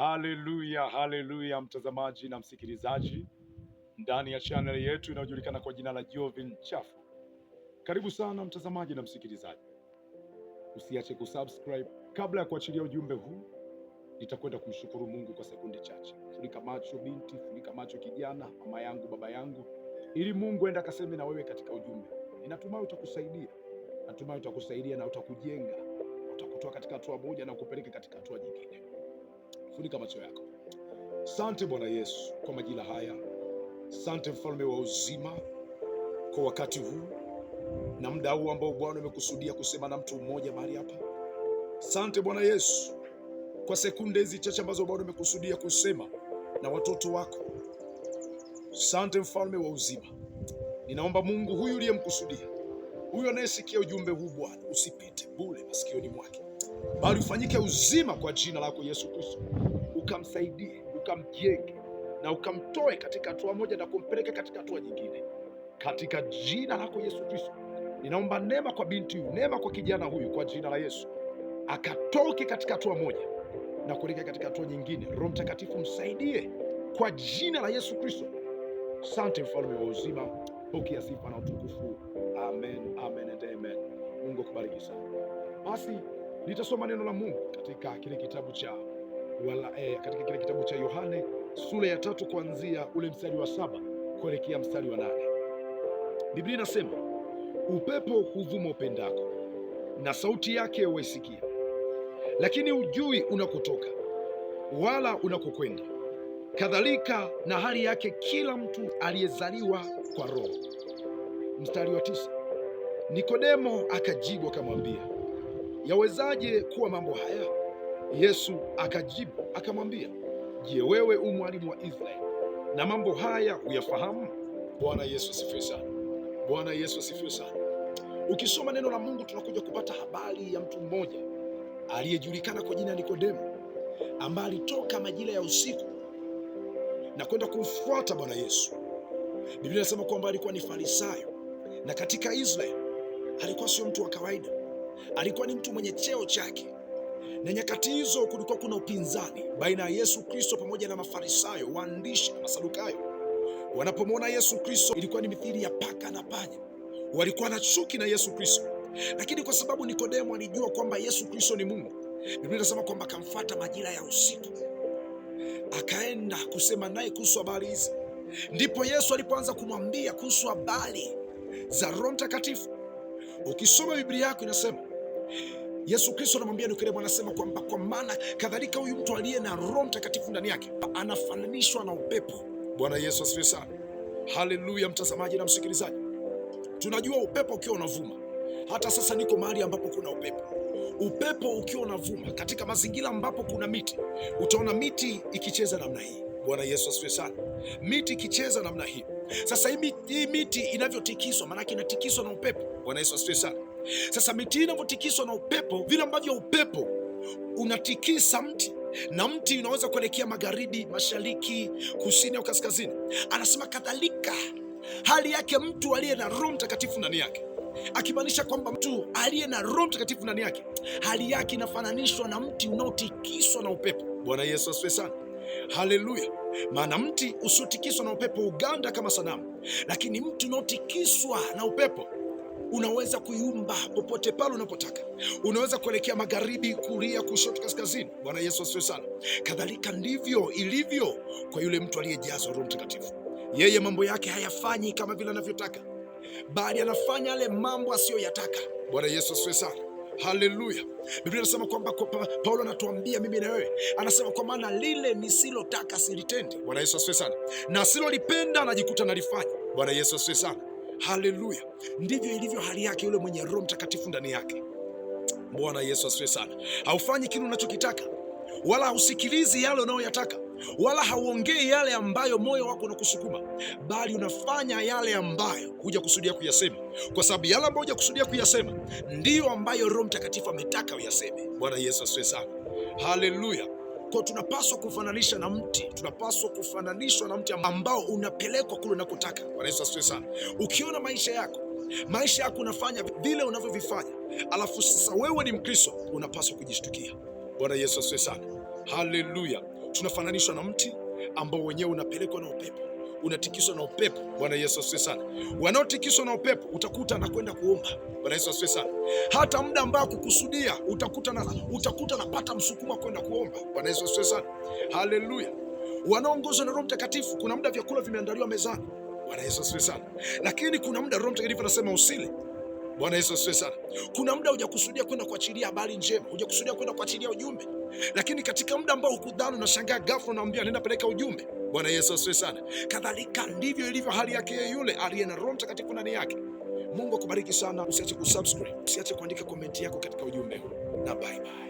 Haleluya, haleluya, mtazamaji na msikilizaji ndani ya channel yetu inayojulikana kwa jina la Jovin Chafu. Karibu sana mtazamaji na msikilizaji, usiache kusubscribe. Kabla ya kuachilia ujumbe huu, nitakwenda kumshukuru Mungu kwa sekunde chache. Funika macho binti, funika macho kijana, mama yangu, baba yangu, ili Mungu enda akaseme na wewe katika ujumbe. Ninatumai utakusaidia, natumai utakusaidia na utakujenga, utakutoa katika hatua moja na kupeleka katika hatua nyingine funika macho yako. Sante Bwana Yesu kwa majira haya, sante mfalme wa uzima kwa wakati huu na muda huu ambao Bwana umekusudia kusema na mtu mmoja mahali hapa. Sante Bwana Yesu kwa sekunde hizi chache ambazo Bwana umekusudia kusema na watoto wako. Sante mfalme wa uzima, ninaomba Mungu huyu uliyemkusudia, huyu anayesikia ujumbe huu Bwana, usipite bure masikioni mwake, bali ufanyike uzima kwa jina lako Yesu Kristo ukamsaidie, ukamjenge na ukamtoe katika hatua moja na kumpeleka katika hatua nyingine, katika jina lako Yesu Kristo. Ninaomba neema kwa binti huyu, neema kwa kijana huyu, kwa jina la Yesu, akatoke katika hatua moja na kuelekea katika hatua nyingine. Roho Mtakatifu msaidie kwa jina la Yesu Kristo. sante mfalme wa uzima, pokea sifa na utukufu. Amen, amen and amen. Mungu akubariki sana. Basi nitasoma neno la Mungu katika kile kitabu cha wala, e, eh, katika kile kitabu cha Yohane sura ya tatu kuanzia ule mstari wa saba kuelekea mstari wa nane Biblia inasema upepo huvuma upendako, na sauti yake waisikia, lakini ujui unakotoka wala unakokwenda. Kadhalika na hali yake kila mtu aliyezaliwa kwa Roho. Mstari wa tisa Nikodemo akajibu akamwambia, yawezaje kuwa mambo haya? Yesu akajibu akamwambia, je, wewe u mwalimu wa Israeli na mambo haya huyafahamu? Bwana Yesu asifiwe sana. Bwana Yesu asifiwe sana. Ukisoma neno la Mungu tunakuja kupata habari ya mtu mmoja aliyejulikana kwa jina Nikodemo, ambaye alitoka majira ya usiku na kwenda kumfuata Bwana Yesu. Biblia inasema kwamba alikuwa ni Farisayo, na katika Israeli alikuwa sio mtu wa kawaida, alikuwa ni mtu mwenye cheo chake na nyakati hizo kulikuwa kuna upinzani baina ya Yesu Kristo pamoja na Mafarisayo, waandishi na Masadukayo. Wanapomwona Yesu Kristo, ilikuwa ni mithili ya paka na panya. Walikuwa na chuki na Yesu Kristo, lakini kwa sababu Nikodemo alijua kwamba Yesu Kristo ni Mungu, Biblia inasema kwamba akamfuata majira ya usiku, akaenda kusema naye kuhusu habari hizi. Ndipo Yesu alipoanza kumwambia kuhusu habari za Roho Mtakatifu. Ukisoma Biblia yako inasema Yesu Kristo anamwambia Nikodemo, anasema kwamba kwa maana kadhalika huyu mtu aliye na Roho Mtakatifu ndani yake anafananishwa na upepo. Bwana Yesu asifiwe sana. Haleluya, mtazamaji na msikilizaji, tunajua upepo ukiwa unavuma. Hata sasa niko mahali ambapo kuna upepo. Upepo ukiwa unavuma katika mazingira ambapo kuna miti, utaona miti ikicheza namna hii. Bwana Yesu asifiwe sana. Miti ikicheza namna hii, sasa hii miti inavyotikiswa, maanake inatikiswa na upepo. Bwana Yesu asifiwe sana. Sasa miti inavyotikiswa na upepo, vile ambavyo upepo unatikisa mti na mti unaweza kuelekea magharibi, mashariki, kusini au kaskazini, anasema kadhalika hali yake mtu aliye na Roho Mtakatifu ndani yake, akimaanisha kwamba mtu aliye na Roho Mtakatifu ndani yake, hali yake inafananishwa na mti unaotikiswa na upepo. Bwana Yesu asifiwe sana, haleluya! Maana mti usiotikiswa na upepo uganda kama sanamu, lakini mti unaotikiswa na upepo Unaweza kuiumba popote pale unapotaka. Unaweza kuelekea magharibi, kulia, kushoto, kaskazini. Bwana Yesu asiwe sana. Kadhalika ndivyo ilivyo kwa yule mtu aliyejazwa Roho Mtakatifu. Yeye mambo yake hayafanyi kama vile anavyotaka, bali anafanya yale mambo asiyoyataka. Bwana Yesu asiwe sana. Haleluya! Biblia inasema kwamba kwa Paulo anatuambia mimi na wewe, anasema kwa maana lile nisilotaka silitende. Bwana Yesu asiwe sana, na asilolipenda najikuta nalifanya. Bwana Yesu asiwe sana. Haleluya! Ndivyo ilivyo hali yake yule mwenye Roho Mtakatifu ndani yake. Bwana Yesu asifiwe sana. Haufanyi kile unachokitaka, wala hausikilizi yale unayoyataka, wala hauongei yale ambayo moyo wako unakusukuma, bali unafanya yale ambayo hujakusudia kuyasema, kwa sababu yale ambayo hujakusudia kuyasema ndiyo ambayo Roho Mtakatifu ametaka uyaseme. Bwana Yesu asifiwe sana. Haleluya. Kwa tunapaswa kufananisha na mti, tunapaswa kufananishwa na mti ambao unapelekwa kule unakotaka. Bwana Yesu asifiwe sana. Ukiona maisha yako maisha yako unafanya vile unavyovifanya, alafu sasa wewe ni Mkristo, unapaswa kujishtukia. Bwana Yesu asifiwe sana. Haleluya. Tunafananishwa na mti ambao wenyewe unapelekwa na upepo unatikiswa na upepo. Bwana Yesu asifiwe sana. Wanaotikiswa na upepo utakuta anakwenda kuomba. Bwana Yesu asifiwe sana. Hata muda ambao kukusudia utakuta na utakuta napata msukuma kwenda kuomba. Bwana Yesu asifiwe sana. Haleluya. Wanaongozwa na Roho Mtakatifu, kuna muda vyakula vimeandaliwa mezani. Bwana Yesu asifiwe sana. Lakini kuna muda Roho Mtakatifu anasema usile. Bwana Yesu asifiwe sana. Kuna muda hujakusudia kwenda kuachilia habari njema, hujakusudia kwenda kuachilia ujumbe, lakini katika muda ambao hukudhani unashangaa ghafla unaambia nenda peleka ujumbe. Bwana Yesu asifiwe sana. Kadhalika ndivyo ilivyo hali yake yule aliye na Roho Mtakatifu ndani yake. Mungu akubariki sana, usiache kusubscribe, usiache kuandika komenti yako katika ujumbe huu, na bye bye.